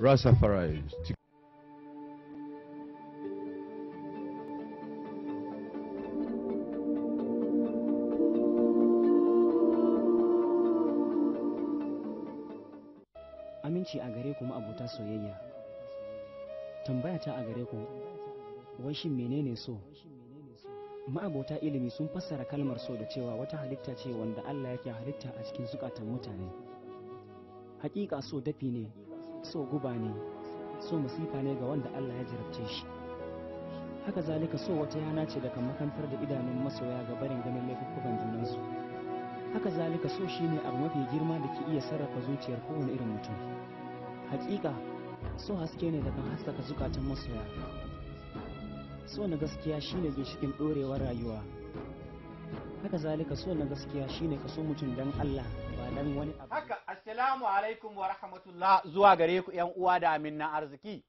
Rastafari. Aminci a gare ku ma'abuta soyayya. Tambaya ta a gare ku, wai shi menene so? Ma'abota ilimi sun fassara kalmar so da cewa wata halitta ce wanda Allah yake halitta a cikin zukatan mutane. Hakika so dafi ne so guba ne so masifa ne ga wanda Allah ya jarabce shi haka zalika so wata yana ce da kan makantar da idanun masoya ga barin ganin laifukan junansu haka zalika so shi ne abu mafi girma da ke iya sarrafa zuciyar kowane irin mutum hakika so haske ne da kan haskaka zukatan masoya so na gaskiya shi ne ginshikin ɗorewar rayuwa haka zalika so na gaskiya shi ne kaso mutum don Allah ba don wani abu haka Assalamu alaikum wa rahmatullah zuwa gare ku ‘yan uwa da na arziki.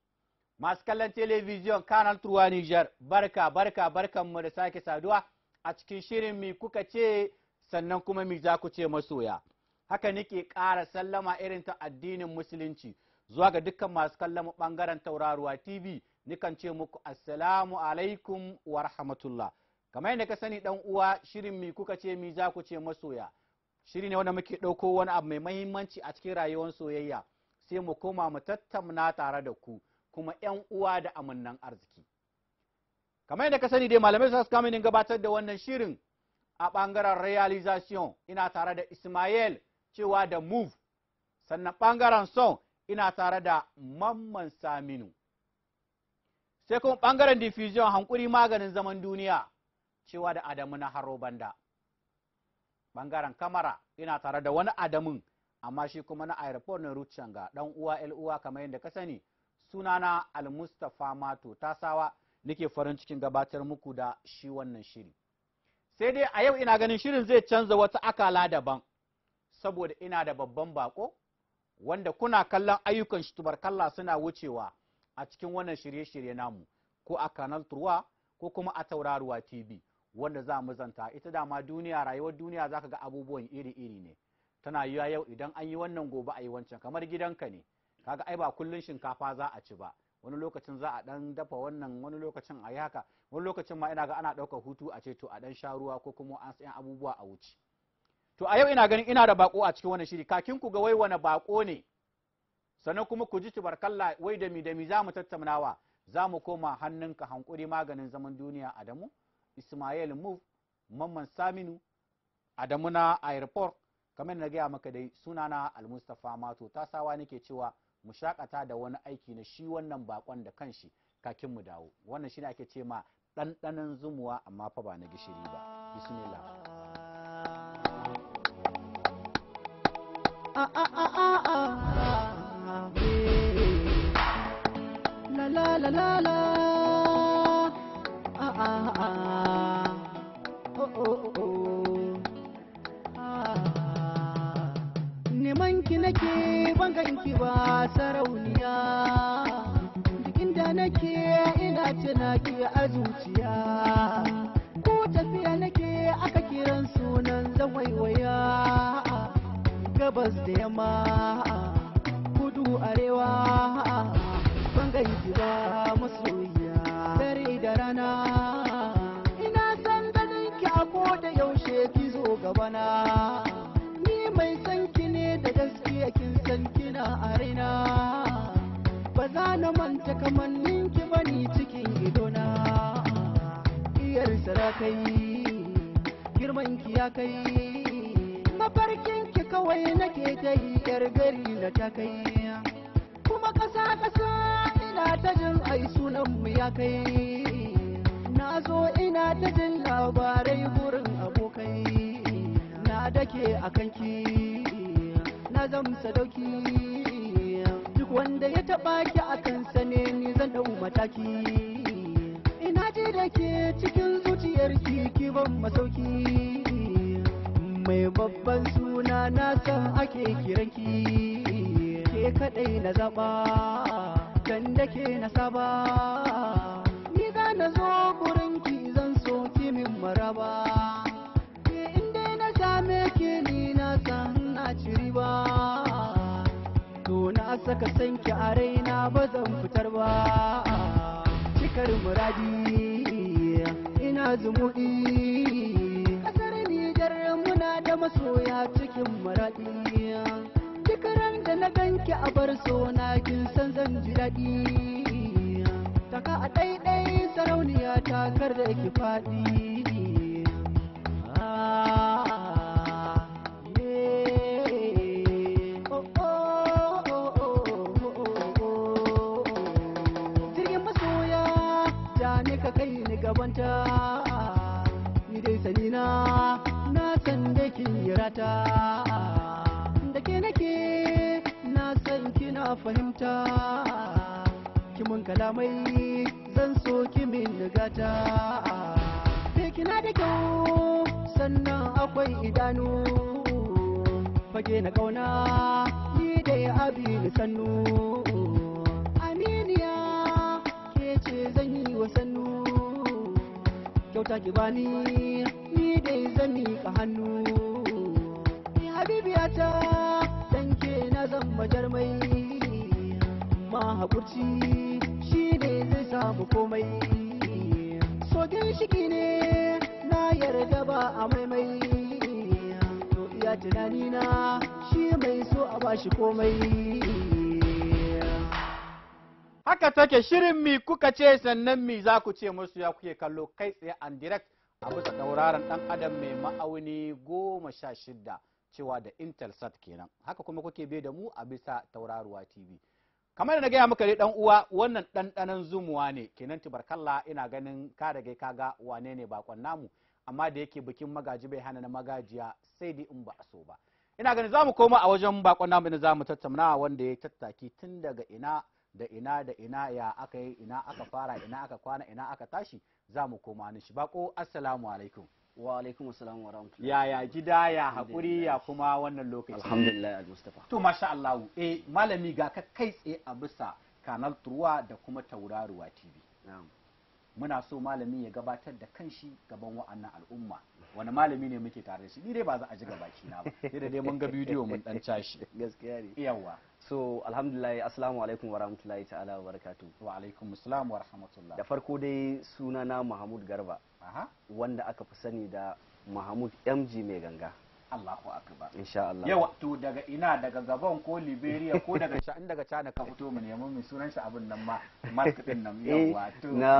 Masu kallon telebijin Kanal Turwa Nijar, barka, barka, barkan mu da sake saduwa a cikin shirin mi kuka ce sannan kuma mi za ku ce masoya. Haka nike ƙara sallama irin ta addinin Musulunci zuwa ga dukkan masu kallon mu ɓangaren tauraruwa TV, nikan ce muku Assalamu alaikum wa rahmatullah. Kamar yadda ka sani ɗan uwa shirin mi kuka ce mi za ku ce masoya. shiri ne wanda muke ɗauko wani abu mai mahimmanci a cikin rayuwar soyayya sai mu koma mu tattauna tare da ku kuma 'yan uwa da amannan arziki kamar yadda ka sani dai malamai su kama min gabatar da wannan shirin a ɓangaren realization ina tare da ismail cewa da move sannan ɓangaren son ina tare da mamman saminu sai kuma ɓangaren diffusion hankuri maganin zaman duniya cewa da adamu na haro banda bangaren kamara ina tare da wani adamin amma shi kuma na airport na ga dan uwa el uwa kamar yadda ka sani sunana almustafa mato tasawa nake farin cikin gabatar muku da shi wannan shiri sai dai a yau ina ganin shirin zai canza wata akala daban saboda ina da babban bako wanda kuna kallon ayyukan shi tubarkalla suna wucewa a cikin wannan shirye-shirye namu ko a kanal turwa ko kuma a tauraruwa tv wanda za mu zanta ita dama duniya rayuwar duniya zaka ga abubuwan iri-iri ne tana yiwa yau idan an yi wannan gobe a yi wancan kamar gidanka ne kaga ai ba kullun shinkafa za a ci ba wani lokacin za a dan dafa wannan wani lokacin a yi haka wani lokacin ma ina ga ana ɗaukar hutu a ce to a dan sha ruwa ko kuma an san abubuwa a wuce to a yau ina ganin ina da bako a cikin wannan shiri kakin ku ga wai wani bako ne sannan kuma ku ji tubarkalla wai da mi da mi za mu tattaunawa za mu koma hannunka hankuri maganin zaman duniya adamu ismail move mamman saminu adamu na airport kamar na gaya maka dai sunana almustafa mato tasawa nake cewa mu shakata da wani aiki na shi wannan bakon da kanshi kakin mu dawo wannan shine ake ce ma ɗanɗanan zumuwa amma fa ba na gishiri ba bismillah la la la la neman ki nake bangan ki ba sarauniya jikin nake ina tana ki a zuciya ko tafiya nake aka kiran sunan zawaiwaya gabas da yamma kudu arewa bangan ki ba masoyi bana ni mai san ki ne da gaskiya kin san kina a raina ba za na manta kamannin ki bani cikin idona iyar sarakai girman ki ya kai mafarkin ki kawai nake ta yi yar gari na ta kai kuma kasa kasa ina ta jin ai sunan mu ya kai na zo ina ta jin labarai gurin abokai dake a kanki na zamsa dauki duk wanda ya taba ki a kan ne ni zan dau mataki ina ji da ke cikin zuciyar ki ban masauki mai babban suna na san ake kiranki ke kadai na zaba dan da ke na saba ni ga na zo ki zan so ki min maraba ba to na saka sanki a raina ba zan fitar ba cikar muradi ina zumuɗi kasar nijar muna da masoya cikin muradi duk da na ganki a bar so na kin san zan ji daɗi taka a ɗaiɗai sarauniya takar da ki faɗi ah. dalina na san da ke rata da ke nake na san kina fahimta kimin kalamai zan so kimin nagata sai kina da kyau sannan akwai idanu fage na kauna ni dai abi sannu aminiya ke ce zan yi wa sannu ko ta bani ni dai zan miƙa hannu ni habibiyata dan ke na zan majar mai ma haƙurci shi ne zai samu komai so shiki ne na yarda ba a maimai to iya tunanina shi mai so a bashi komai haka take shirin mi kuka ce sannan mi za ku ce musu ya kuke kallo kai tsaye and direct a bisa tauraron dan adam mai ma'auni goma sha shida cewa da intelsat kenan haka kuma kuke bai da mu a bisa tauraruwa tv kamar da na gaya maka dan uwa wannan ɗanɗanon zumuwa ne kenan tubarkalla ina ganin ka da ka ga wane ne bakon namu amma da yake bikin magaji bai hana na magajiya sai dai in ba a so ba ina ganin zamu koma a wajen bakon namu za zamu tattauna wanda ya tattaki tun daga ina da ina da ina ya aka yi ina aka fara ina aka kwana ina aka tashi za mu koma ni shi bako assalamu alaikum wa alaikum assalam wa rahmatullahi ya ya gida ya hakuri ya kuma wannan lokaci alhamdulillah al mustafa to masha Allah eh malami ga ka kai tsaye a bisa kanal turwa da kuma tauraruwa tv muna so malami ya gabatar da kanshi gaban wa'annan al'umma wani malami ne muke tare da shi ni dai ba za a ji gabaki na ba ni da dai mun ga bidiyo mun dan tashi gaskiya ne yawa so alhamdulillah assalamu alaikum wa rahmatullahi ta'ala wa barakatu wa alaikum assalam wa rahmatullah da farko dai sunana mahamud garba Aha. wanda aka fi sani da mahamud mg mai ganga Allahu akbar insha Allah yawa to daga ina daga Gabon ko Liberia ko daga sha daga China ka fito mun nemi mai sunan shi abin nan ma mask din nan eh, yawa to na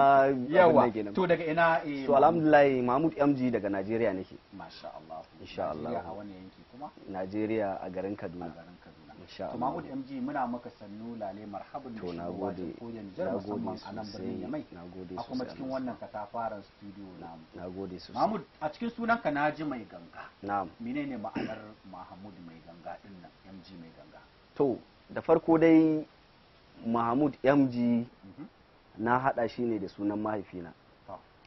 yawa to daga ina eh to alhamdulillah Mahmud MG daga Najeriya nake masha Allah insha Allah a wani yanki kuma Najeriya a garin Kaduna a garin Kaduna to mahmud mg muna maka sannu da a nan birnin mai a cikin wannan katafaren studio namu nagode sosai mahmud a cikin sunan ka naji mai ganga na'am to da farko dai mahmud mg mhm. na hada shi ne da sunan mahaifina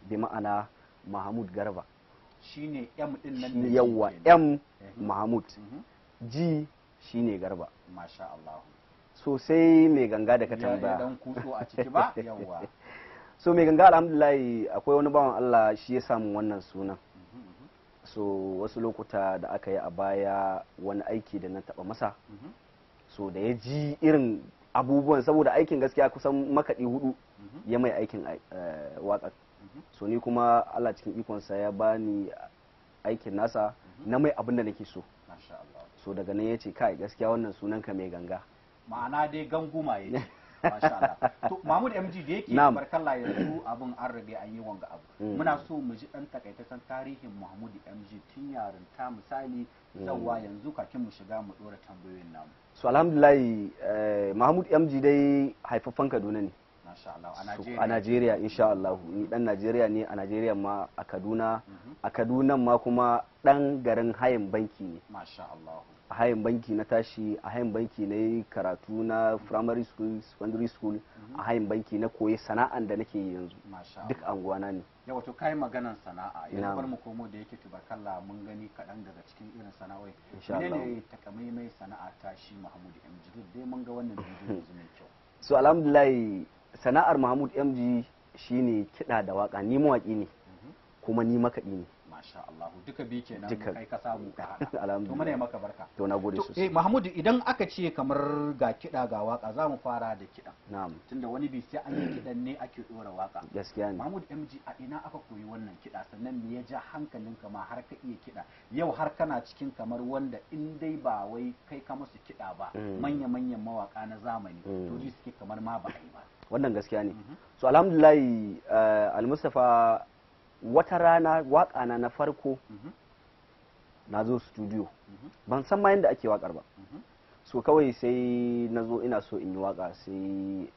bi ma'ana mahmud garba shine m din nan yawa m mhm. mahmud mhm. g shi ne garba masha Allah sosai mai ganga da ka tambaya dan a ciki ba yawa so mai ganga alhamdulillah akwai wani bawan Allah shi ya samu wannan sunan mm-hmm, mm-hmm. so wasu lokuta da aka yi a baya wani aiki da na taba masa mm-hmm. so da ya ji irin abubuwan saboda aikin gaskiya kusan makaɗi hudu ya mai aikin eh, watsa so ni kuma Allah cikin ikonsa ya bani aikin nasa na mai abin da nake so so daga nan ya ce kai gaskiya wannan sunan ka mai ganga ma'ana dai ganguma ya to mahmud mg da yake barkalla yanzu abin an rage an yi wanga abu mm. muna so mu ji dan takaitaccen tarihin mahmud mg tun yarinta misali zawa mm. yanzu kakin mu shiga mu dora tambayoyin namu so alhamdulillah eh, mahmud mg dai haifaffen kaduna ne a Najeriya insha Allah ni dan Najeriya ne a Najeriya ma a Kaduna mm-hmm. a Kaduna ma kuma dan garin hayin banki ne masha Allah a hayan banki na tashi a hayan banki na yi karatu na primary school secondary school a mhm. hayan banki na koyi sana'an da nake yanzu duk anguwana ne yawa to kai maganan sana'a yanzu bar mu komo da yake tubakalla mun gani kaɗan daga cikin irin sana'o'i ne ne takamaimai sana'a ta shi Muhammad MG dai mun ga wannan bidiyo yanzu mai kyau so alhamdulillah sana'ar Muhammad MG shine kiɗa da waka ni mawaki ne mhm. kuma ni makaɗi ne masha Allah duka bi kenan kai ka samu ka hada to muna maka barka to na gode sosai eh Mahmud idan aka ce kamar ga kida ga waka za mu fara da kida na'am tunda wani bi sai an yi kidan ne ake dora waka gaskiya ne Mahmud MG a ina aka koyi wannan kida sannan me ya ja hankalin ka ma har ka iya kida yau har kana cikin kamar wanda in dai ba wai kai ka musu kida ba mm. manya manyan mawaka na zamani mm. to ji suke kamar ma ba ai ba wannan gaskiya ne mm-hmm. so alhamdulillah eh, al-Mustafa wata rana waka na na farko mhm. na zo studio mhm. ban san ma yadda ake wakar ba mhm. so kawai sai na zo ina so in yi waka sai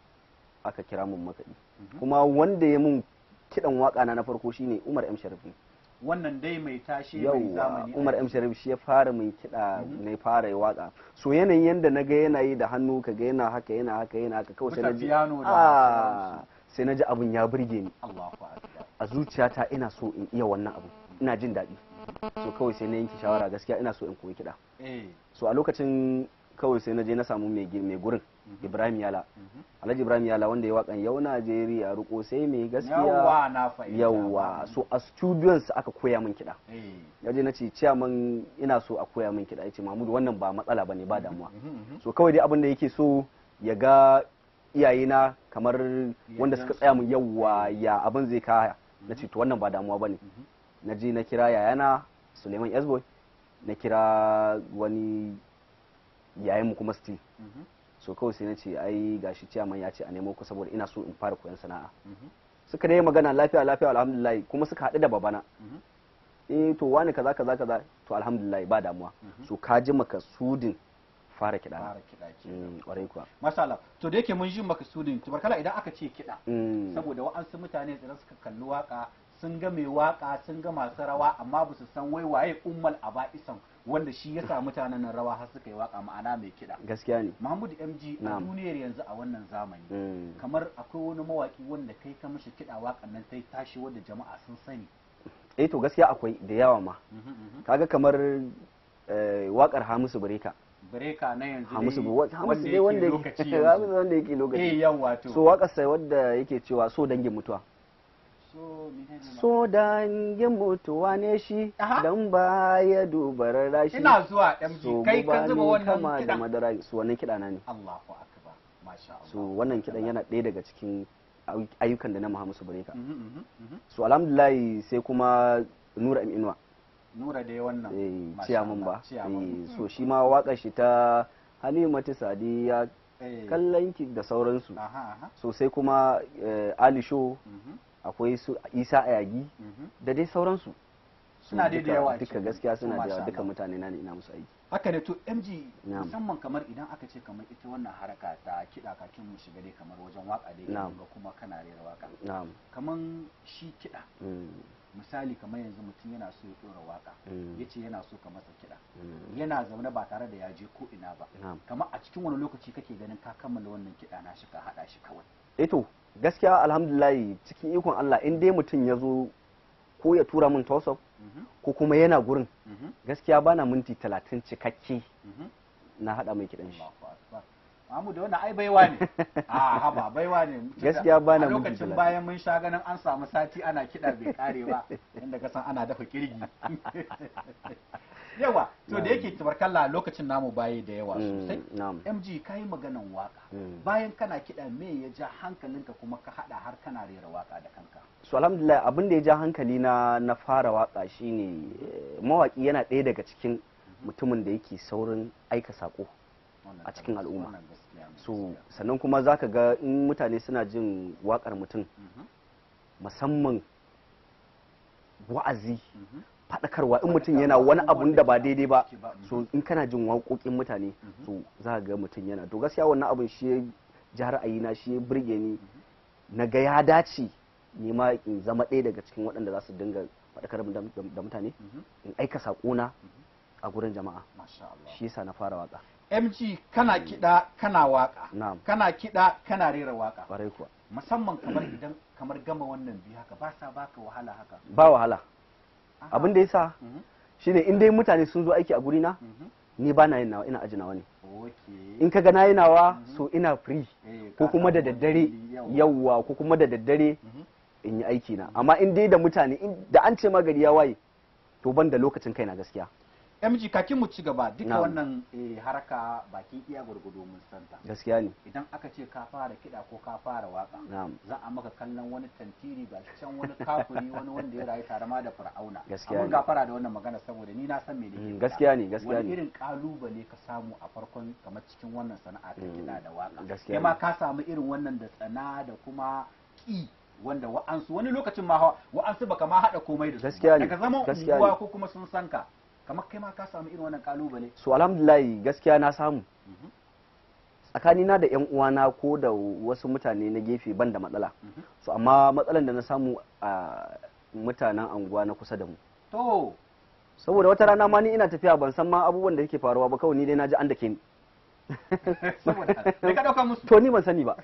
aka kira mun makaɗi kuma wanda ya mun kiɗan waka na na farko shine Umar M Sharif wannan dai mai tashi mai zamani Umar M Sharif shi ya fara mai kiɗa mai fara yi waka so yanayin yadda na ga yana yi da hannu ka ga yana haka yana haka yana haka kawai sai na ji ah, sai na ji abun ya burge ni Allahu akbar a zuciyata ina so in iya wannan abu ina jin daɗi so kawai sai na yanke shawara gaskiya ina so in koyi kiɗa eh. so a lokacin kawai sai na je na samu mai gurin mhm. ibrahim yala mhm. alhaji ibrahim yala wanda ya wakan yau najeriya ruko sai mai gaskiya yawa so a studiyon aka koya min kiɗa ya eh. je na ce ciyaman ina so a koya min kiɗa ya ce mahmudu wannan ba matsala ba ne ba mhm, damuwa so kawai dai abin da yake so ya ga iyayena kamar wanda suka tsaya min yawwa, ya abin zai kaya na ce to wannan ba damuwa ba ne. Mhm. na ji na kira yayana Suleiman Esboy na kira wani yayinmu kuma mhm. so kawai sai na ce ai gashi ciyaman ya ce a nemo ku saboda ina so in fara koyon sana'a mhm. suka dai magana lafiya lafiya alhamdulillah kuma suka haɗu da babana eh to wani kaza kaza kaza to alhamdulillah ba damuwa so ka ji maka sudin fara kiɗa fara kiɗa ke mm, ƙwarai kuwa masala to da yake mun ji makasudin tubarkala idan aka ce kiɗa mm. saboda wa'ansu mutane tsira suka kalli waka sun ga mai waka sun ga masu rawa amma ba su san wai waye ummal isan wanda shi ya sa mutanen nan rawa har suka yi waka ma'ana mai kiɗa gaskiya ne Mahmud MG a duniyar yanzu a wannan zamani mm. kamar akwai wani mawaki wanda kai ka mishi kiɗa wakan nan sai tashi wanda jama'a sun sani eh to gaskiya akwai da yawa ma kaga kamar eh, wakar Hamisu Bureka breka na yanzu Hamisu wanda yake lokaci Hamisu wanda yake lokaci eh yawa to so waka sai wanda yake cewa so dangin mutuwa so dangin mutuwa ne shi dan ba ya duba rarashi ina zuwa MG kai kan zuba wannan kida madara su wannan kida na ne Allahu akbar masha Allah so wannan kidan yana ɗaya daga cikin ayyukan da na Muhammadu Bareka mhm, mhm, mhm. so alhamdulillah sai kuma Nura Aminuwa nura da wannan eh, ciyaman ba eh, so hmm. shi ma waka shi ta halimatu sadi ya eh. kallon ki da sauransu sosai kuma ali show mm-hmm. akwai su isa ayagi mm-hmm. da dai sauransu suna dai da yawa duka gaskiya suna da yawa duka mutane na ne ina musu aiki haka ne to mg musamman kamar idan aka ce kamar ita wannan haraka ta kiɗa kakin mu shiga dai kamar wajen waka dai kuma kana rera waka kamar shi kiɗa mm. misali kamar yanzu mutum yana so ya dora waka mm. ya ce yana so ka masa kiɗa mm. yana zaune ba tare da ya je ko ina ba kamar a cikin wani lokaci kake ganin ka kammala wannan kiɗa na shi ka haɗa shi kawai eto eh gaskiya alhamdulillah cikin ikon Allah in dai mutum ya zo ko ya tura min tawasop mm-hmm. ko kuma yana gurin mm-hmm. gaskiya bana minti talatin cikakke mm-hmm. na haɗa mai kiɗan shi Mahmud wannan ai baiwa ne. A ah, haba baiwa ne. Gaskiya ba na mun Lokacin bayan mun sha ganin an samu sati ana kiɗa bai kare ba inda ka san ana dafa kirgi. Yawa to da yake tabarkalla lokacin namu baye da yawa mm, sosai. MG ka maganan waka. Mm. Bayan kana kiɗa me ya ja hankalinka kuma ka haɗa har kana rera waka da kanka. So alhamdulillah abin da ya ja hankali na na fara waka shine eh, mawaki yana ɗaya daga cikin mm-hmm. mutumin da yake saurin aika sako a cikin al'umma so sannan kuma za ka ga in mutane suna jin wakar mutum mm-hmm. musamman wa'azi mm-hmm. faɗakarwa in mutum yana wani abun da ba daidai ba so in kana jin waƙoƙin mutane mm-hmm. so za ga mutum yana to gaskiya wannan abun shi ja ra'ayina shi burge ni na ga ya dace ni ma in zama ɗaya daga cikin waɗanda za su dinga faɗakar da mutane in aika na a gurin jama'a shi yasa na fara waƙa mg kana mm. kiɗa kana waka kana kiɗa kana rera waka musamman kamar idan kamar gama wannan biyu haka ba sa baka wahala haka ba wahala abin da yasa mm-hmm. shine in dai mutane sun zo aiki a guri na mm-hmm. ni ba na yin nawa ina ajinawa ne in ka gana nawa mm-hmm. so ina free eh, ko kuma da daddare yawwa ko kuma da daddare in yi aiki na amma in dai da mutane da an ce magari ya waye to ban da lokacin kaina gaskiya mg kakin mu ci gaba duka wannan eh, haraka bakin iya gurgudu mun santa gaskiya ne idan aka ce ka fara kiɗa ko ka fara waka za a maka kallon wani tantiri ga can wani kafuri wani wanda ya rayu tare ma da fir'auna gaskiya ne gafara da wannan magana saboda ni na san me ne mm, gaskiya ne gaskiya ne wani irin kalubale ka samu a farkon kamar cikin wannan sana'a ta kiɗa mm, da waka gaskiya ma ka samu irin wannan da tsana da kuma ki wanda wa'ansu wani lokacin ma wa'ansu baka ma hada komai da su daga zaman unguwa ko kuma sun san ka kamar kai ma ka samu irin wannan kalubale so alhamdulillah gaskiya na samu mhm. tsakanina da yan uwana ko da wasu mutane na gefe ban da matsala mhm. so amma matsalan da na samu a mutanen anguwa na kusa da mu to saboda wata rana ma ni ina tafiya ban san ma abubuwan da yake faruwa ba kawai ni dai naji an da ke ni to ni ban sani ba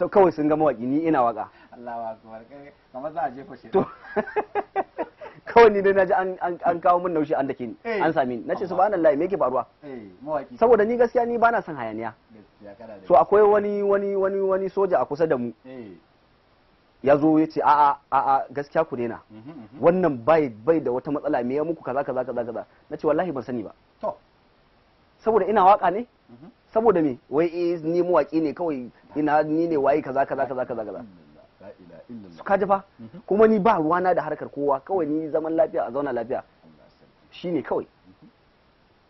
sau kawai sun ga mawaki ni ina waka Allahu akbar kamar za a jefa shi to kawai ni dai naji an kawo min naushi an dake ni eh. an sami ni nace subhanallahi me yake faruwa eh, saboda ni gaskiya ni bana son hayaniya so akwai wani wani wani wani soja a kusa da mu eh. ya zo ya ce a'a a'a gaskiya ku daina mhm, mhm. wannan bai bai da wata matsala me ya muku kaza kaza kaza kaza nace wallahi ban sani ba saboda ina waka ne mhm. saboda me wai eh ni mawaƙi ne kawai ina ni ne waye kaza kaza kaza kaza kaza su kaji fa kuma ni ba ruwana da harkar kowa kawai ni zaman lafiya a zauna lafiya shine kawai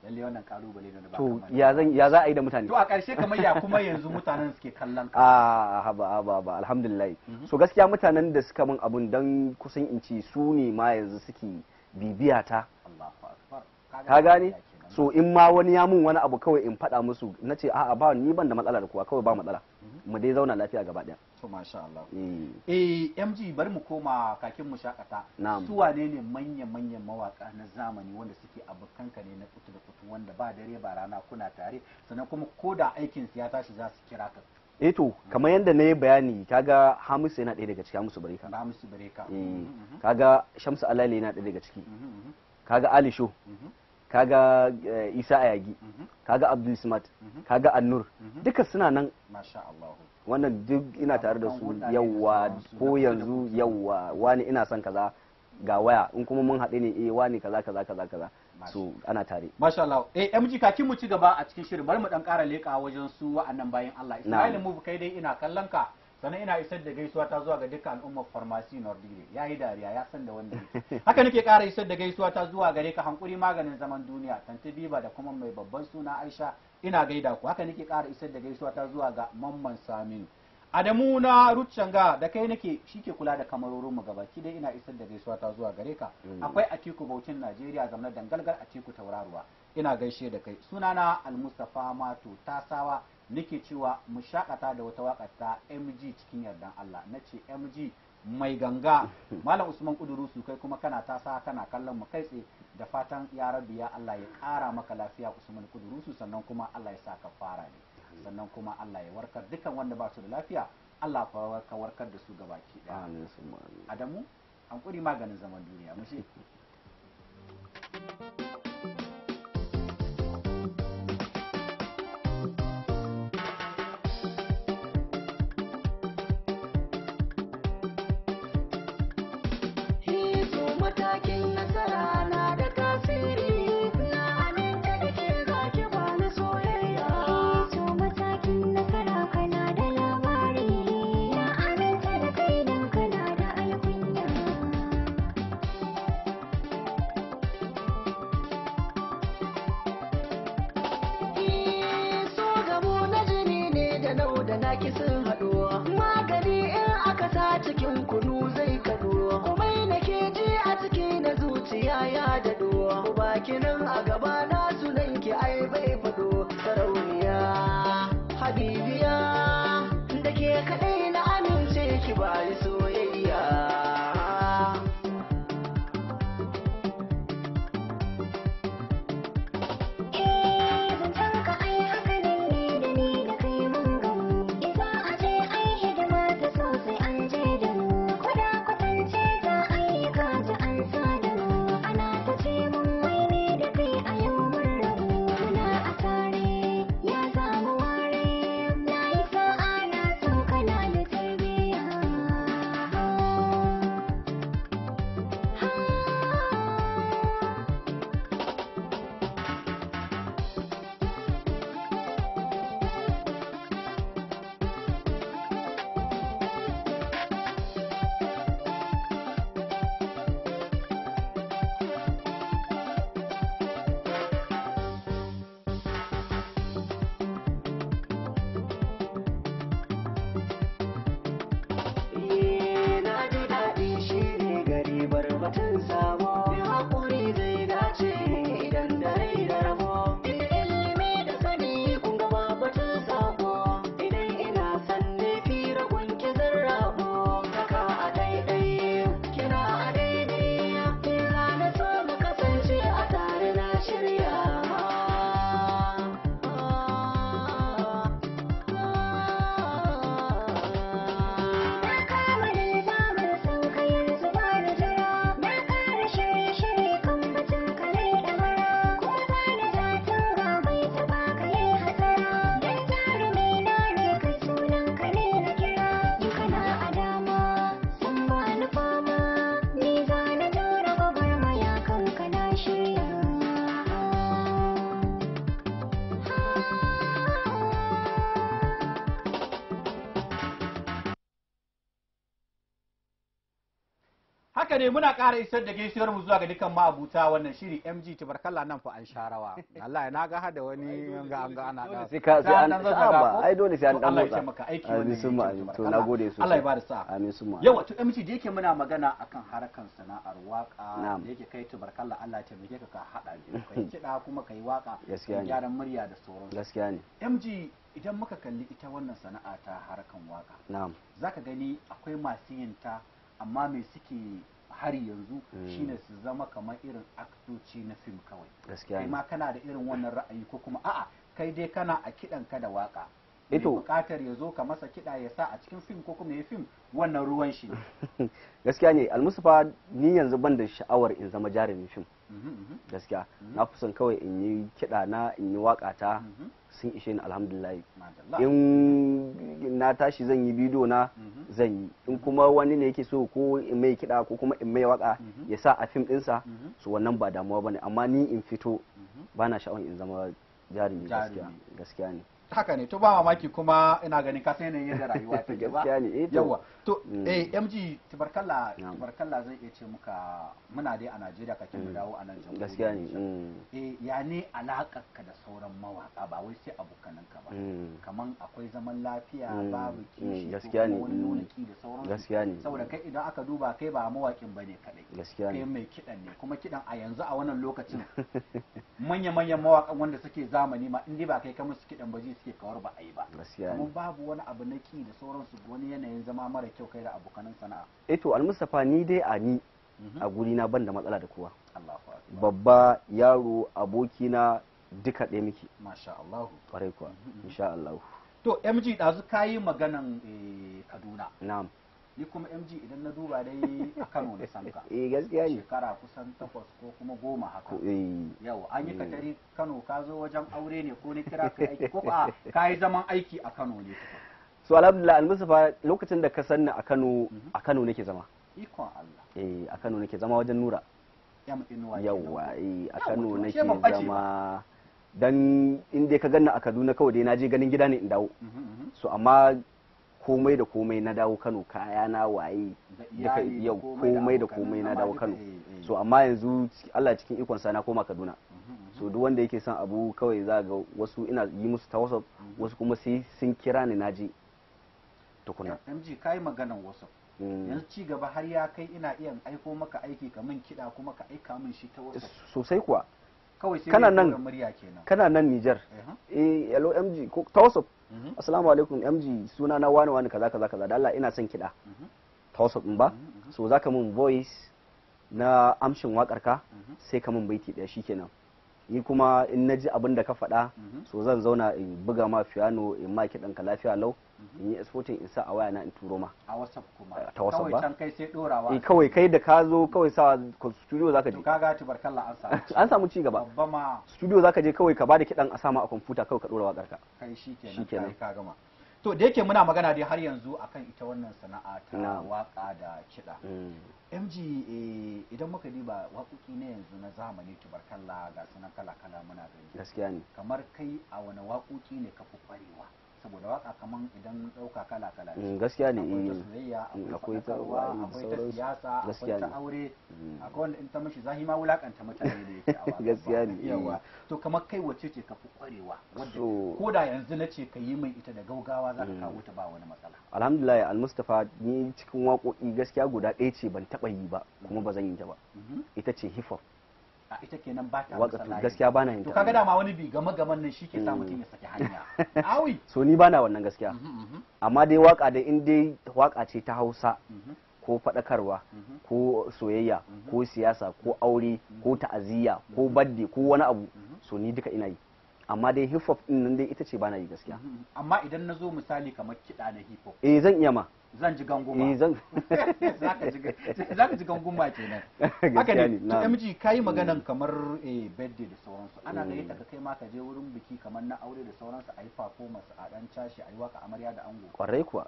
lalle wannan kalubale ne ba to ya zan ya za a yi da mutane to a karshe kamar ya kuma yanzu mutanen suke kallon ka a ah, haba haba haba alhamdulillah mhm. so gaskiya mutanen da suka min abun dan kusan in ci su ne ma yanzu suke bibiya ta Allahu akbar ka gane so in ma wani ya mun wani abu kawai in faɗa musu na ce a'a ba ni ban da matsala da kowa kawai ba matsala mu dai zauna lafiya gaba ɗaya to masha Allah eh, eh MG bari mu koma kakin mu shakata su wane ne manyan manyan mawaka na zamani wanda suke abokan ka ne na kutu da kutu wanda ba dare ba rana kuna tare sannan kuma ko da aikin su ya tashi za su kira ka eh to kamar yadda na yi bayani kaga Hamisu yana ɗaya daga ciki Hamisu Bareka Hamisu Bareka eh, mm-hmm. kaga Shamsu Alali yana ɗaya daga ciki mm-hmm, mm-hmm. kaga Ali sho. kaga eh, isa ayagi mhm. kaga abdul smart mhm. kaga annur mhm. duka suna nan wannan duk ina tare da su yawa ko yanzu yawa wani ina son kaza ga waya in kuma mun haɗe ne eh wani kaza kaza kaza kaza so ana tare masha Allah eh MG kakin mu ci gaba a cikin shirin bari mu dan ƙara leka wajen su wa'annan bayan Allah Ismail mu kai dai ina kallon ka sannan ina isar da gaisuwa ta zuwa ga dukkan al'ummar farmasi nordire ya yi dariya ya san da wanda haka nake ƙara isar da gaisuwa ta zuwa gare ka hankuri maganin zaman duniya tanti biba da kuma mai babban suna aisha ina gaida ku haka nake ƙara isar da gaisuwa ta zuwa ga mamman saminu adamu na rucanga da kai nake shike kula da kamarorin mu ki dai ina isar da gaisuwa ta zuwa gare ka mm. akwai atiku bautin najeriya zamanar dangalgal atiku tauraruwa ina gaishe da kai sunana almustafa mato tasawa nake cewa mu shakata da wata waka ta MG cikin yardan Allah na ce MG mai ganga malam usman kudurusu kai kuma kana ta sa kana kallon mu kai tse da fatan ya ya Allah ya kara maka lafiya usman kudurusu sannan kuma Allah ya sa ka fara ne sannan kuma Allah ya warkar dukan wanda ba su da lafiya Allah ka warkar da su gabaki daya adamu an kuri maganin zaman duniya mu haka ne muna ƙara isar da gaisuwar mu zuwa ga dukkan ma'abuta wannan shiri MG tabarkalla nan fa an sharawa Allah na ga hada wani ga an ga ana da sai ka sai an ba ai dole sai an dan motsa maka aiki wannan to nagode sosai Allah ya bada sa amin sun ma yawa to MG da yake muna magana akan harakan sana'ar waka da yake kai tabarkalla Allah ya taimake ka ka hada kai hmm. kida kuma kai waka gyaran murya da sauran gaskiya ne MG idan muka kalli ita wannan sana'a ta harakan waka na'am zaka gani akwai masu yin ta amma mai suke hari yanzu hmm. shine su zama kamar irin aktoci na fim kawai gaskiya ma kana da irin wannan ra'ayi ko kuma a'a kai dai kana a kidan ka da waka ito eh bukatar ya zo ka masa kida ya sa a cikin fim ko kuma ya fim wannan ruwan shi gaskiya ne almusufa ni yanzu ban da sha'awar in zama jarumin fim mhm, mhm. gaskiya mhm. na fi kawai in yi kida na in yi waka ta sun ishe ni alhamdulillah in na tashi zan yi bidiyo na mhm. zan yi in kuma wani ne yake so ko in mai kiɗa ko kuma in mai waka mhm. ya sa a fim ɗinsa mhm. su wannan ba damuwa bane amma ni in fito bana sha'awar in zama jarumi gaskiya ne haka ne to ba mamaki kuma ina ganin ka ne yadda rayuwa ta ke ba yawa eh to mm. eh mg tubarkalla tibarkalla zan iya ce muka muna dai a najeriya kake mu mm. dawo a nan jamhuriyar gaskiya ne mm. eh ya ne alakar ka da sauran mawaka ba wai sai abokanan ka ba kaman akwai zaman lafiya babu kishi gaskiya ne wani wani da sauran gaskiya ne saboda kai idan aka duba kai ba mawakin bane kadai gaskiya ne kai mai kidan ne kuma kidan a yanzu a wannan lokacin manya-manyan mawakan wanda suke zamani ma in ba kai ka musu kidan ba zai suke kawar ba a yi ba kuma babu wani abu na ki da sauransu wani yanayin zama mara kyau kai da abokanan sana'a eh to almustafa ni dai a ni mhm. a guri na banda da matsala da kowa babba yaro abokina duka ɗaya miki masha Allah kwarai kuwa mhm, mhm. insha Allah to mg dazu kayi maganan eh, kaduna na'am ni kuma mg idan na duba dai a kano na sanka eh gaskiya ne shekara kusan takwas ko kuma goma haka eh. yau an yi eh. katari kano ka zo wajen aure ne ko ni kira ka aiki ko a ka yi zaman aiki a kano ne so alhamdulillah almusafa lokacin da ka sanna a kano mhm. a kano nake zama ikon allah eh a kano nake zama wajen nura yawwa eh a kano nake zama dan inda ka ganna a kaduna kawai dai na je ganin gida ne in dawo mhm, mhm. so amma komai da komai na dawo kano kaya na waye duka yau komai da komai na dawo kano eh, eh. so amma yanzu allah cikin ikon sa na koma kaduna mhm, mhm. so duk wanda yake son abu kawai za ga wasu ina yi musu ta whatsapp mhm. wasu kuma sai sun kira ni naji tukuna mg yi maganan wasu mm. yanzu ci gaba har ya kai ina iya aiko maka aiki ka min kiɗa kuma ka aika min shi ta whatsapp sosai kuwa kawai sai kana nan kana nan Niger eh, eh mg ko ta whatsapp Mhm. assalamu alaikum mg suna na wani wani kaza kaza kaza da Allah ina son kiɗa mhm. ta wasu ba mhm, so ka mun voice na amshin wakar ka sai ka mun baiti ɗaya kenan ni kuma in naji abin da ka faɗa so zan zauna in buga ma fiyano in ma kiɗan ka lafiya lau in yi in sa a waya na in turo ma a whatsapp kuma eh, ta whatsapp ba kawai kai sai dorawa eh, kawai kai da ka zo kawai sa studio zaka je to kaga barkalla an samu an samu ci gaba babba ma studio zaka je kawai ka bada kidan a sama a computer kawai ka dora garka. kai shikenan ka gama to da yake muna magana dai har yanzu akan ita wannan sana'a ta waka da kiɗa mg mm. eh, idan muka diba waƙoƙi ne yanzu na zamani barkalla ga sunan kala kala muna gani gaskiya ne kamar kai a wani waƙoƙi ne ka fi ƙwarewa saboda waka kaman idan dauka kala kala ne mm, gaskiya ne eh akwai ta eh. Mm, akwai ta siyasa akwai ta aure mm. akwai wanda in ta mishi zahi ma wulakanta mutane ne yake gaskiya ne yawa eh. to kamar kai wacce ce ka fi kwarewa wanda koda yanzu na ce ka yi mai ita da gaugawa za ka kawo ta ba wani matsala alhamdulillah almustafa ni cikin waƙoƙi gaskiya guda ɗaya ce ban taɓa yi ba kuma ba zan yi ta ba mm-hmm. ita ce hip hop a ita kenan ba ta waka gaskiya ba na yin to kaga dama wani bi game gaman nan shi ke sa mm. mutum ya saki hanya awi so ni ba na wannan gaskiya mm-hmm, mm-hmm. amma dai waka da in dai waka ce ta Hausa mm-hmm. ko faɗakarwa ko soyayya ko siyasa ko aure ko ta'aziyya ko badde ko wani abu so ni duka ina yi amma dai hip hop din nan dai ita ce ba na yi gaskiya amma idan na zo misali kamar kiɗa na hip hop eh zan iya ma zan ji ganguma eh, za ka ji ganguma nan. haka ne to mg ka yi maganan mm. kamar eh, birthday da sauransu ana mm. gaya ta kai ma ka je wurin biki kamar na aure da sauransu a yi performance a dan cashe a yi waka amarya da ango kwarai kuwa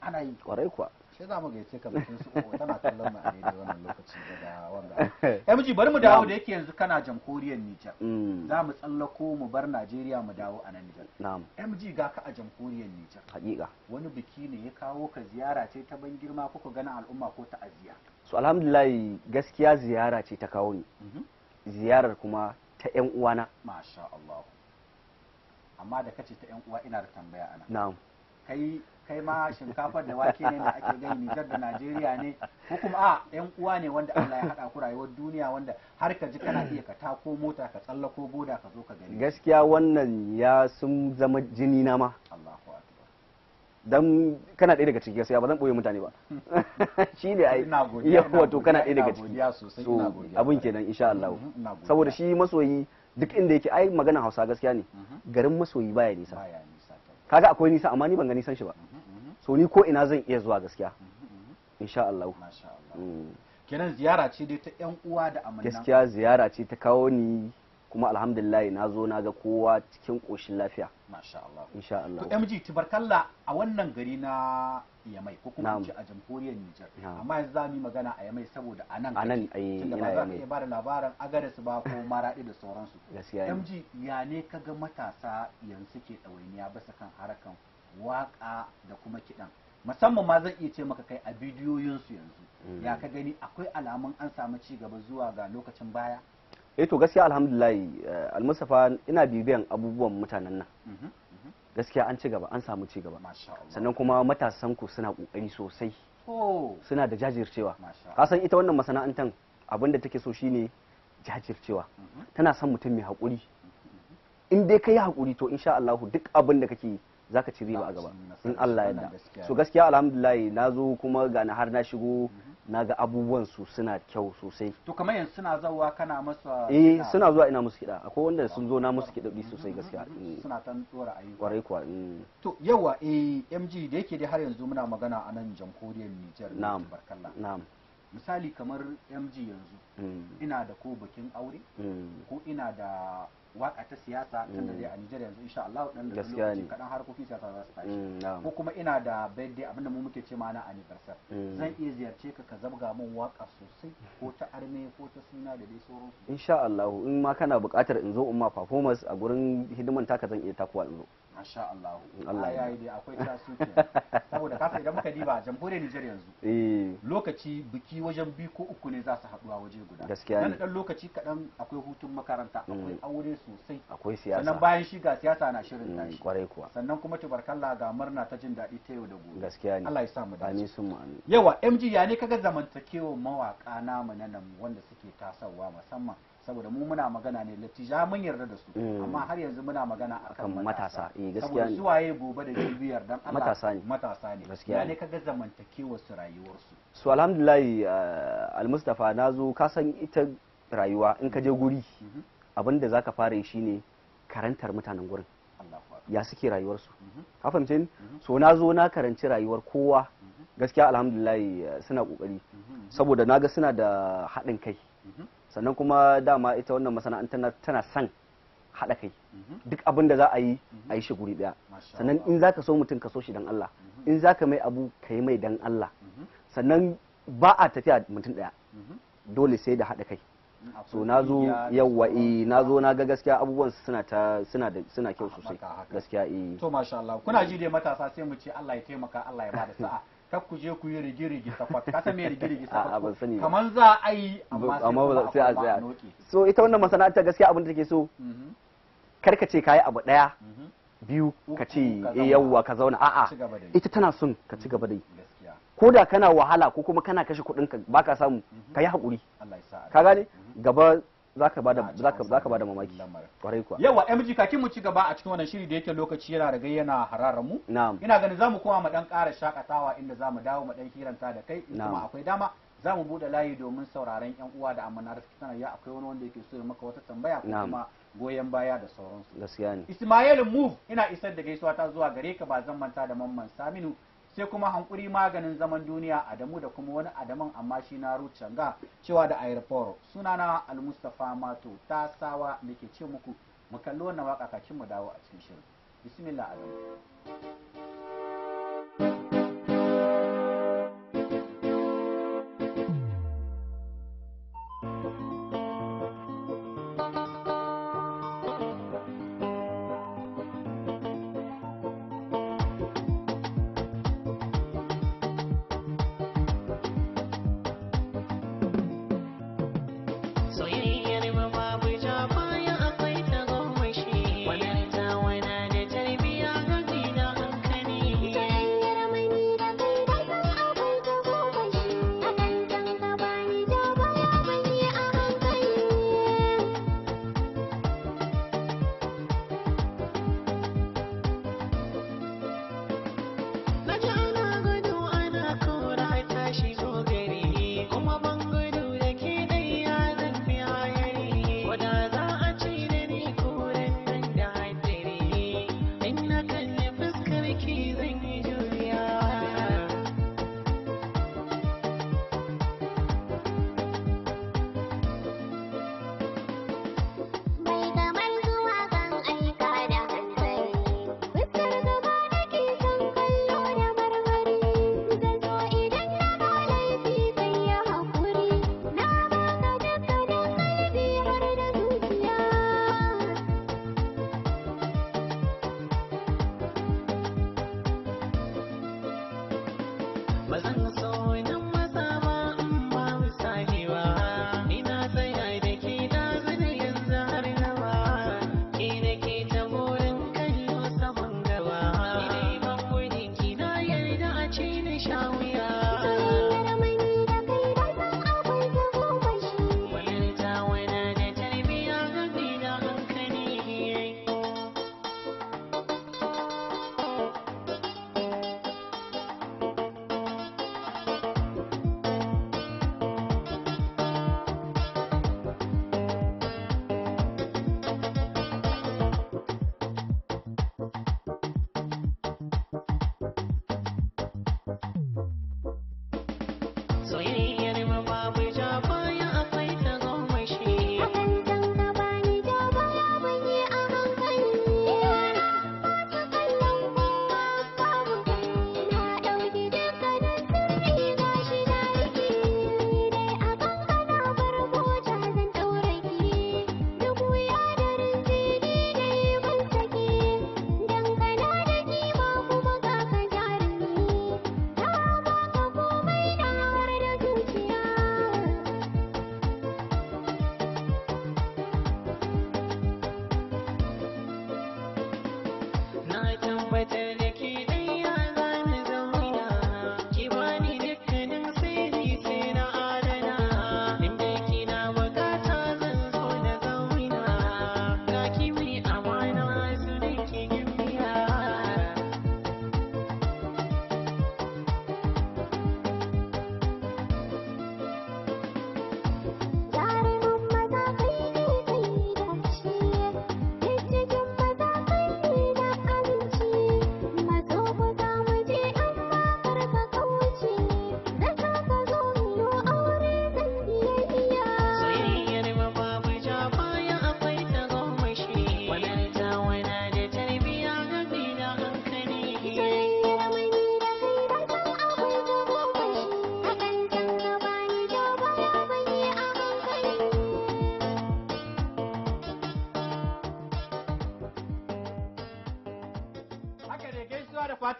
ana yi kwarai kuwa shi za mu gaice ka bakin su oh, tana kallon mu a daidai wannan lokaci da wanda miji bari mu dawo da yake yanzu kana jamhuriyar Nijar mm. za mu tsallako mu bar Najeriya mu dawo a nan Nijar na'am MG ga ka a jamhuriyar Nijar hakika wani biki ne ya kawo ka ziyara ce ta ban girma ko ka gana al'umma ko ta'aziyya so alhamdulillah gaskiya ziyara ce ta kawo ni mm-hmm. ziyarar kuma ta yan uwana masha Allah amma da kace ta yan uwa ina da tambaya ana na'am kai kai ma shinkafar da wake ne da ake gani Nijar da Najeriya ne ko kuma a yan uwa ne wanda Allah ya haɗa ku rayuwar duniya wanda har ka ji kana iya ka tako mota ka tsallako boda ka zo ka gani gaskiya wannan ya sun zama jini na ma Allahu dan kana ɗaya daga ciki gaskiya ba zan boye mutane ba shi ne ai ya wato kana ɗaya daga ciki so abun kenan insha Allah mhm, saboda shi masoyi duk inda yake ai magana Hausa gaskiya ne mhm. garin masoyi baya nisa kaga akwai nisa amma ni ban ga nisan shi ba mhm. so ni ko ina zan iya zuwa gaskiya insha Allah mm. kenan ziyara ce dai ta yan uwa da amanna gaskiya ziyara ce ta kawo ni kuma alhamdulillah na zo na ga kowa cikin koshin lafiya insha Allah to MG tibarkalla a wannan gari na Yamai ko kuma a jamhuriyar Niger amma yanzu za mu magana a Yamai saboda anan a nan anan ai eh, ina ba za ka iya bada labarin agaris ba ko maradi da sauransu gaskiya MG ya ne kaga matasa yanzu suke dawainiya ba sakan harakan waka da kuma kiɗan musamman ma zan iya ce maka kai a bidiyoyinsu yanzu mm. ya ka gani akwai alamun an samu ci gaba zuwa ga lokacin baya eh to gaskiya alhamdulillah eh, almusafa ina bibiyan abubuwan mutanen nan mm-hmm, mm-hmm. gaskiya an ci gaba an samu ci gaba sannan kuma matasan ku suna kokari sosai oh. suna da jajircewa kasan ita wannan masana'antar abin da take so shine jajircewa mm-hmm. tana son mutum mai haƙuri in dai ka yi haƙuri to insha Allah duk abin da kake yi Za ka ci riba a gaba in Allah ya so gaskiya alhamdulillah na zo kuma ga na har na shigo mhm. na ga abubuwan su suna kyau sosai to kamar yanzu suna zawa kana masa eh suna zuwa ina musu kiɗa akwai wanda sun zo na musu kiɗaɗi mhm. sosai gaskiya mhm. mm. suna tan tsora ayi kwarai kuwa mm. to yawa eh MG da yake dai har yanzu muna magana a nan jamhuriyar Niger. na'am na'am misali kamar MG yanzu mm. ina da ko bikin aure ko ina da waka ta siyasa da dai a nigeria yanzu insha Allah dan da lokaci kadan harkokin siyasa za su tashi mm, ko kuma ina da birthday abinda mu muke ce ma na anniversary mm. zan iya ziyarce ka ka zabga min waka sosai ko ta arme ko ta suna da dai sauransu insha Allah in ma kana bukatar in zo in ma performance a gurin hidiman taka zan iya takuwa in zo Masha Allah. Allah ya yi dai akwai tasu Saboda kasa idan muka diba jamhuriyar Nijar yanzu. Eh. Lokaci biki wajen biyu ko uku ne za su haɗu a waje guda. Gaskiya ne. Nan dan lokaci kaɗan akwai hutun makaranta, mm. akwai aure sosai. Akwai siyasa. Sannan bayan shi ga siyasa na shirin mm, tashi. Kwarai kuwa. Sannan kuma tubarkalla ga murna ta jin daɗi ta yau da gobe. Gaskiya ne. Allah ya sa mu dace. Amin sun mu amin. Yawa MG ya ne kaga zamantakewa mawaka namu na nan wanda suke tasawa musamman saboda mu muna magana ne lattija mun yarda da su mm. amma har yanzu muna magana akan matasa eh, saboda suwaye gobe da jibiyar dan Allah matasa ne matasa ne gaskiya ne kaga zamantakewar su rayuwar su so alhamdulillah eh, almustafa nazo ka san ita rayuwa in ka je guri mm-hmm. abinda zaka fara yi shine karantar mutanen gurin ya suke rayuwar su mm-hmm. ka fahimce ni mm-hmm. so nazo na karanci rayuwar kowa gaskiya alhamdulillah eh, suna kokari saboda naga suna da haɗin kai sannan kuma dama ita wannan masana'antar tana son haɗa kai mhm. duk abin da za a yi mhm. a yi shi guri ɗaya sannan in za ka so mutum ka so shi dan Allah mhm. in za ka mai abu ka yi mai dan Allah sannan ba a tafiya mutum ɗaya dole sai da haɗa kai so na zo yawwa e eh, na zo na ga gaskiya abubuwan suna ta suna da suna kyau sosai gaskiya e to masha Allah kuna ji dai matasa sai mu ce Allah ya taimaka Allah ya bada sa'a kar ku je ku yi rigirigi kasa mai san me rigirigi takwas kamar za a yi amma sai a tsaya so ita wannan masana'antar gaskiya abin da take so mhm. kar ka ce kayi abu daya mhm. biyu ka ce eh, yawwa ka zauna a'a ita tana son ka ci gaba da yi ko da kana wahala ko kuma kana kashe kuɗin ka baka samu mhm. ka yi haƙuri ka gane gaba za ka ba da mamaki kwarai kuwa yawa MG kakin mu ci gaba a cikin wannan shiri da yake lokaci yana da yana hararar mu ina ganin mu koma mu dan kara shakatawa inda za mu dawo mu dan kiranta da kai kuma akwai dama za mu bude layi domin sauraron yan uwa da amana da suke sanarwa akwai wani wanda yake so ya maka wata tambaya ko kuma goyon baya da sauransu gaskiya ne Ismail Move ina isar da gaisuwa ta zuwa gare ka ba zan manta da mamman Saminu sai kuma hankuri maganin zaman duniya adamu da kuma wani adaman amma shi na rucanga cewa da airport sunana almustafa mato ta sawa da ke ce muku mu kalli wannan waka kakin mu dawo a cikin shirin bismillah adamu ba zan so na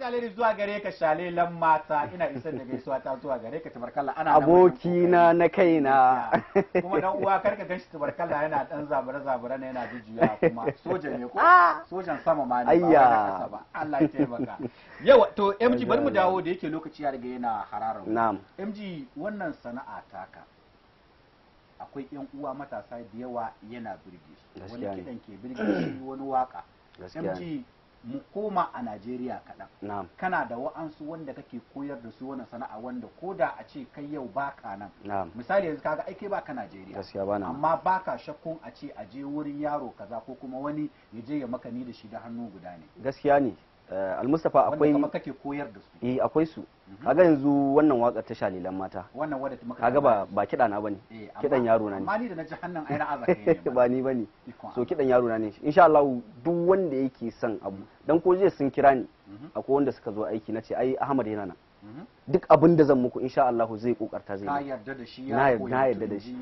alheri zuwa gare ka shale lan mata ina isar da gaisuwa ta zuwa gare ka tabarkalla ana aboki na na kaina kuma dan uwa karka ganshi tabarkalla yana dan zabura zabura na yana jijiya kuma soja ne ko ah! sojan sama ma ne ba ba Allah ya taimaka yau to MG bari mu dawo da yake lokaci ya riga yana hararar na'am MG wannan sana'a taka akwai yan uwa matasa da yawa yana birge su wani kidan ke birge shi wani waka MG mu koma a Najeriya kaɗan. Kana da wa'ansu wanda kake koyar da su wani sana'a wanda ko da a ce kai yau ba ka nan. Misali yanzu kaga aike baka Najeriya. Gaskiya bana. Amma ba ka shakkun a ce a je wurin yaro kaza ko kuma wani ya je ya maka ni da shi da hannu guda ne. Gaskiya ne. Eh, almustafa akwai wanda kake koyar da su eh akwai su mhm. kaga yanzu wannan wakar ta shalilan mata wannan wadda maka kaga ba ba kida na bane eh, kidan yaro na ne mali da na ji hannan ai azaka ne ba ni bane so kidan yaro na ne insha Allah duk wanda yake son abu mhm. dan ko je sun kira ni mhm. akwai wanda suka zo aiki nace ai Ahmad yana nan duk abin da zan muku insha Allah zai kokarta zai na yarda da shi na yadda da shi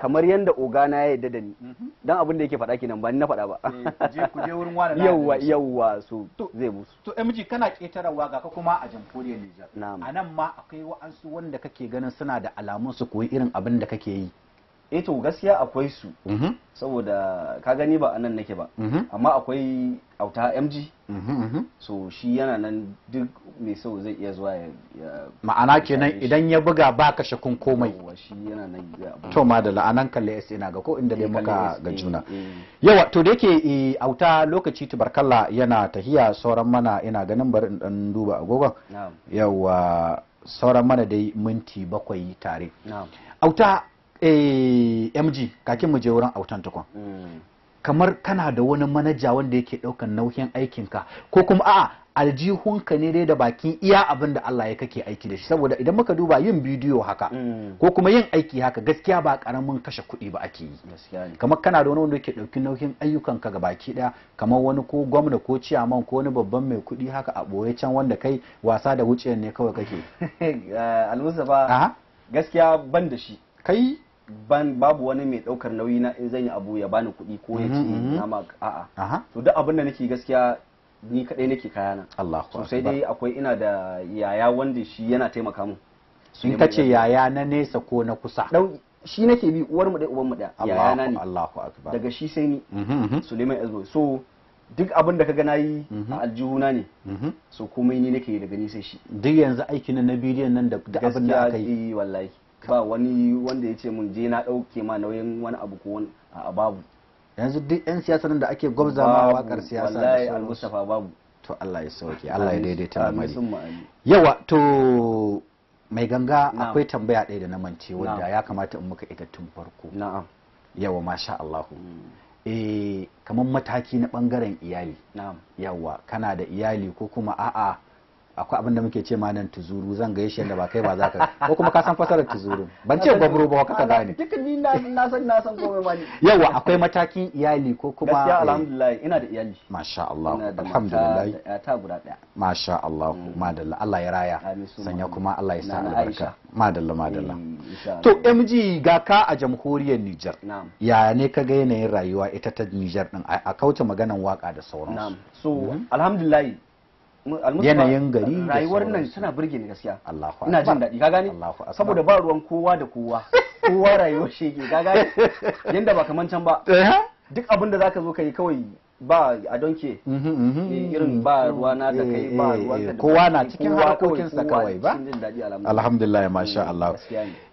kamar yanda ogana ya yarda da ni mhm. dan abin da yake faɗa kenan ba ni na faɗa ba eh, je ku je wurin wani yawa yawa so zai musu to MG kana ketarawa ga ka kuma a jamhuriyar Nijar a nan ma akwai wa'ansu wanda kake ganin suna da alamun su koyi irin abin da kake yi eh to gaskiya akwai su mm-hmm. saboda ka gani ba anan nake ba mm-hmm. amma akwai auta mg mm-hmm, so shi yana nan duk mai sau zai iya zuwa ya ma'ana kenan idan ya buga ba ka shakun komai shi to ma da la'anan kalle s ina ga ko inda dai eh, muka ga juna eh, eh. yawa to da yake auta lokaci tubarkalla yana tahiya sauran mana ina ganin bari in dan duba agogon yawa sauran mana dai minti bakwai tare auta eh mg kakin mu je wurin autan tukun hmm. kamar kana da wani manaja wanda yake daukan nauyin aikinka ko kuma a'a aljihunka ne dai da baki iya abin da Allah ya kake aiki da shi saboda idan muka duba yin bidiyo haka hmm. ko kuma yin aiki haka gaskiya ba karamin kashe kuɗi ba ake yi kamar kana da wani wanda yake ɗauki nauyin ayyukanka ga baki ɗaya kamar wani ko gwamna ko ciyaman ko wani babban mai kuɗi haka a ɓoye can wanda kai wasa da wuciyar ne kawai kake almusa ba gaskiya ban da shi kai ban babu wani mai daukar nauyi na in eh, zan yi abu ya bani kuɗi ko ya ci mm-hmm, mm-hmm. nama a'a to duk abin da nake gaskiya ni kadai nake kayana Allahu sai dai akwai ina da yaya wanda shi yana taimaka mun Sun kace yaya na nesa ko na kusa shi nake bi uwar mu dai uban mu da yaya na ne Allahu akbar daga shi sai ni mm-hmm, Suleiman Azmo so duk abin da ka gana yi a aljihuna ne so komai ni nake daga ni sai shi duk yanzu aikin na bidiyon nan da abin da aka yi eh, wallahi ba wani wanda ya ce mun je na ɗauke ma nauyin wani abu ko wani a babu yanzu duk yan siyasa da ake gwabza ma wakar siyasa wallahi al-mustafa babu to Allah ya sauke Allah ya daidaita lamari yawa to mai ganga akwai tambaya ɗaya da na mance wanda ya kamata in muka ita tun farko na'am yawa masha Allah mm. eh kamar mataki na bangaren iyali na'am yawa kana da iyali ko kuma a'a akwai abin da muke ce ma nan tuzuru zan ga shi yadda ba kai ba za ka ko kuma ka san fasarar tuzuru ban ce gwabro ba kaka gane duka ni na san na san komai ma ne yawa akwai matakin iyali ko kuma gaskiya eh. alhamdulillah ina da iyali masha Allah alhamdulillah ta guda daya masha Allah mm. madalla Allah ya raya sanya kuma Allah ya sa albarka madalla madalla mm, to MG ga ka a jamhuriyar Niger ya ne ka ga yanayin rayuwa ita ta Niger din a kauce maganan waka da sauransu so mm-hmm. alhamdulillah yanayin gari da rayuwar nan tana burge ni gaskiya ina jin daɗi ka gani saboda ba ruwan kowa da kowa kowa rayuwar shege ka gani yanda ba kaman can ba duk abin da zaka zo ka yi kawai ba a donke mhm, mhm. eh, irin ba ruwa na da kai ba eh, eh, ruwa kowa na cikin sa kawai ba alhamdulillah masha mm, Allah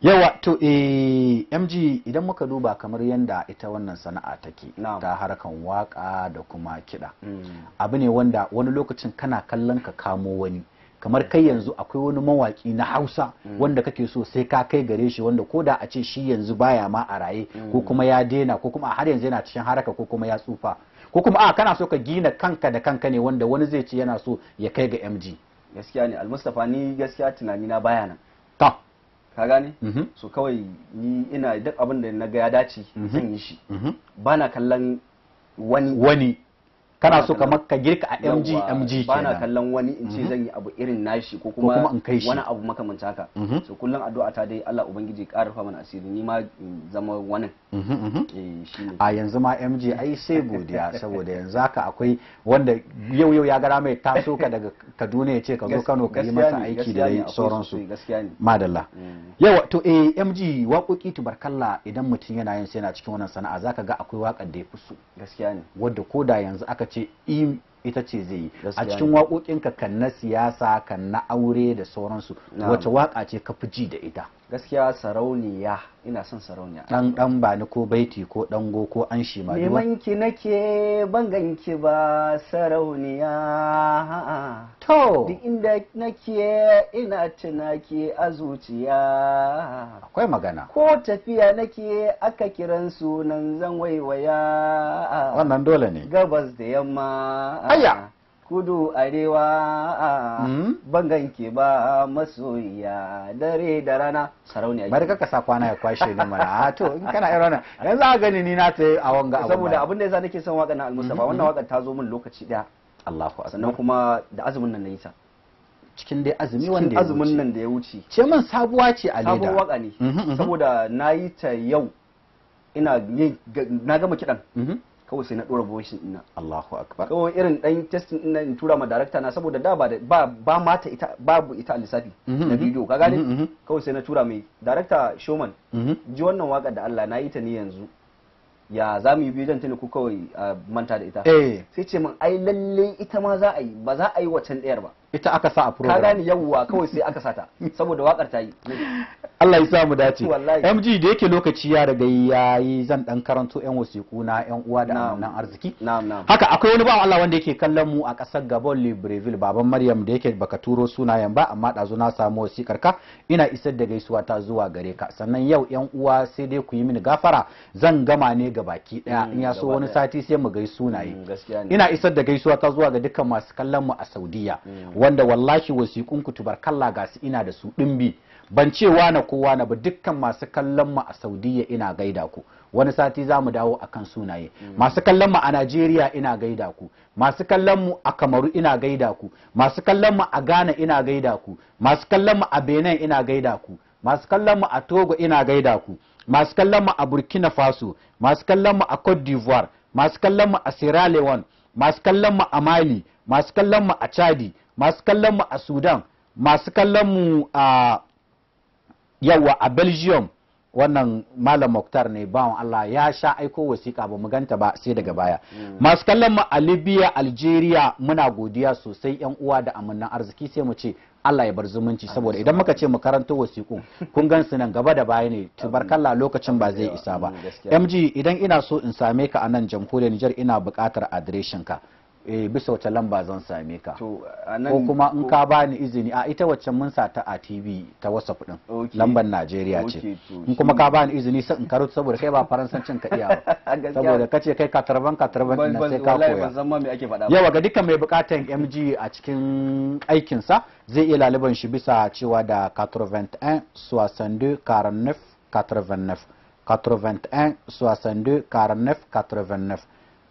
yawa to eh MG idan muka duba kamar yanda ita wannan sana'a take ta harkan waka da kuma kiɗa mm. abu ne wanda wani lokacin kana kallon ka kamo wani kamar mm. kai yanzu akwai wani mawaki na hausa wanda kake so sai ka kai gare shi wanda ko da a ce shi yanzu baya ma a raye ko kuma ya daina ko kuma har yanzu yana cikin haraka ko kuma ya tsufa ko kuma a ah, kana so ka gina kanka da kanka ne wanda wani zai ce yana so ya kai ga mg gaskiya ne almustafa ni gaskiya tunani na baya nan ta ka gane mm-hmm. so kawai ni ina duk abin da na ga ya dace mm-hmm. zan yi shi mm-hmm. bana kallon wani wani kana so kamar ka girka a mg mg ba na kallon wani in ce mhm. zan yi abu irin nashi ko kuma wani abu makamanta haka mhm. so kullum addu'a ta dai Allah ubangiji karfa mana asiri ni ma zama wani mhm, eh, a yanzu ma mg ai sai godiya saboda yanzu haka akwai wanda yau yau ya gara mai taso ka daga Kaduna ya ce ka zo Kano ka yi masa aiki da dai sauransu madalla mm. yawa to eh mg waƙoƙi tubarkalla idan mutum yana yin sai yana cikin wannan sana'a zaka ga akwai waƙar da ya fi so gaskiya ne wanda ko yanzu aka y ita ce zai yi a cikin waƙoƙinka kan na siyasa kan na aure da sauransu wace waƙa ce ka fi ji da ita gaskiya sarauniya ina son sarauniya dan dan ba ni ko baiti ko ɗango, ko an shi ma neman ki nake ban ganki ba sarauniya to duk inda nake ina tunaki a zuciya akwai magana ko tafiya nake aka kiran sunan zan waiwaya wannan dole ne gabas da yamma hayya kudu arewa hmm? bangan ke ba masoya dare da rana sarauniya bari ka sa kwana ya kwashe ni mana a ah, to in kana irin wannan yanzu a gani ni na ta yi a wanga abu saboda abin da yasa nake son wakan na ba wannan hmm. wakan ta zo min lokaci daya Allahu akbar sannan kuma da azumin nan yi ta cikin dai azumi wanda ya wuce azumin nan da ya wuce ce man sabuwa ce a leda sabuwar waka ne hmm, saboda na yi ta yau ina yin na gama kiɗan. kawai sai na dora voice ina Allahu akbar kawai irin dan testing ina in tura ma director na saboda da ba ba mata ita babu ita a lissafi mm-hmm, na mm-hmm. bidiyo ka gane mm-hmm, kawai sai na tura mai director shoman. ji wannan waka da Allah na yi ta ni yanzu ya za mu yi bidiyon ta ne ko kawai manta da ita eh. sai ce min ai lalle ita ma za a yi ba za a yi wacan ɗayar ba ita aka sa a program ni yawwa kawai sai aka sata saboda wakar ta yi Allah ya sa mu dace MG da yake lokaci ya riga yayi zan dan karanto yan wasiku na yan uwa da nan arziki na'am na'am haka akwai wani bawan Allah wanda yake kallon mu a kasar Gabon Libreville baban Maryam da yake baka turo sunayen ba amma dazu na samu wasikar ka ina isar da gaisuwa ta zuwa gare ka sannan yau yan uwa sai dai ku yi mini gafara zan gama ne ga baki daya mm, in ya so wani sati sai mu gaisu sunaye mm, ina isar da gaisuwa ta zuwa ga dukkan masu kallon mu a Saudiya mm. wanda wallahi wasiƙun ku tubarkalla ga su ina da su ɗimbi ban ce na kowa na ba dukkan masu kallon mu a Saudiya ina gaida ku wani sati za mu dawo kan sunaye masu kallon mu a Najeriya ina gaida ku masu kallon mu a Kamaru ina gaida ku masu kallon mu a Ghana ina gaida ku masu kallon mu a Benin ina gaida ku masu kallon mu a Togo ina gaida ku masu kallon mu a Burkina Faso masu kallon mu a Cote d'Ivoire masu kallon mu a Sierra Leone masu kallon mu a Mali masu kallon mu a Chadi masu kallon mu a sudan masu kallon mu a yawa a belgium wannan malam muktar ne bawon allah ya sha aiko wasiƙa ba mu ganta ba sai daga baya mm. masu kallon mu a libya algeria muna godiya sosai yan uwa da amannan arziki sai mu ce Allah ya bar zumunci saboda idan muka ce mu karanta wasiƙu kun gan su nan gaba da baya ne tubarkalla lokacin ba zai isa ba MG idan ina so in same ka a nan jamhuriyar Nijar ina buƙatar adireshin ka eh bisa wace lamba zan same ka ko kuma in ka bani izini a ita wacce mun sa ta a TV ta WhatsApp din lambar Najeriya ce in kuma ka bani izini sai in karuta saboda kai ba faransancin ka iya saboda kace kai ka tarban ka tarban din sai ka koya yawa ga dukkan mai bukatan MG a cikin aikin sa zai iya laliban shi bisa cewa da 81 62 49 89 81 62 49 89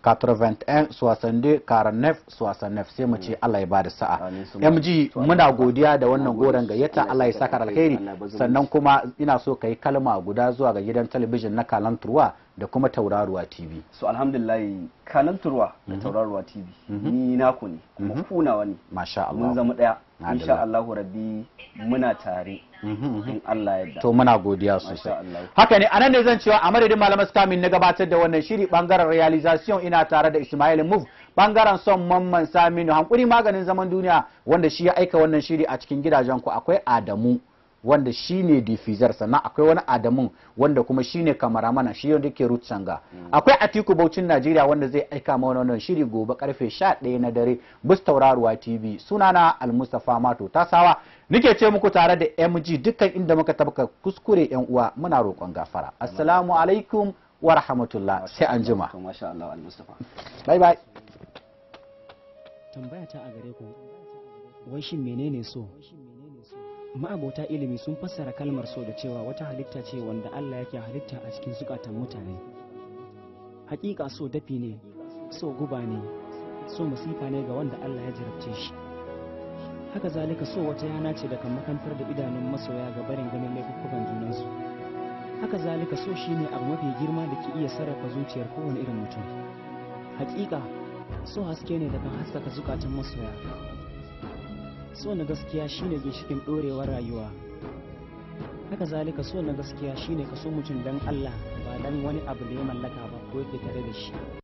81 62 49 69 sai mu ce hmm. Allah ya bada sa'a MG muna godiya da wannan goren gayyata Allah ya saka alkhairi sannan kuma ina so kai kalma guda zuwa ga gidan talabijin na kalanturwa da kuma tauraruwa tv so alhamdulillahi kanal turwa da mhm. tauraruwa tv mhm. ni naku ne kuma mhm. kunawa ne masha Allah mun zama daya insha Allah rabbi muna tare in Allah yadda to muna godiya sosai haka ne anan ne zan cewa a madadin malamai stamin na gabatar da wannan shiri bangaren realization ina tare da Ismail Move bangaren son mamman Saminu hankuri maganin zaman duniya wanda shi ya aika wannan shiri a cikin gidajen ku akwai Adamu wanda shi ne difizar sannan akwai wani adamun wanda kuma shi ne mana shi wanda ke rutsanga akwai hmm. akwai atiku baucin najeriya wanda zai aika ma wannan shiri gobe karfe 11 na dare bus tauraruwa tv sunana almustafa mato tasawa nike ce muku tare da mg dukkan inda muka tabbaka kuskure yan uwa muna roƙon gafara assalamu alaikum wa rahmatullah sai an jima menene so ma'abota ilimi sun fassara kalmar so da cewa wata halitta ce wanda Allah yake halitta a cikin zukatan mutane hakika so dafi ne so guba ne so masifa ne ga wanda Allah ya jarabce shi haka zalika so wata yana ce da kan makantar da idanun masoya ga barin ganin laifukan junansu haka zalika so shine abu mafi girma da ke iya sarrafa zuciyar kowane irin mutum hakika so haske ne daga haskaka zukatan masoya so na gaskiya shine ginshikin ɗorewar rayuwa haka zalika so na gaskiya shine kaso mutum don Allah ba don wani abu da ya mallaka ba ko yake tare da shi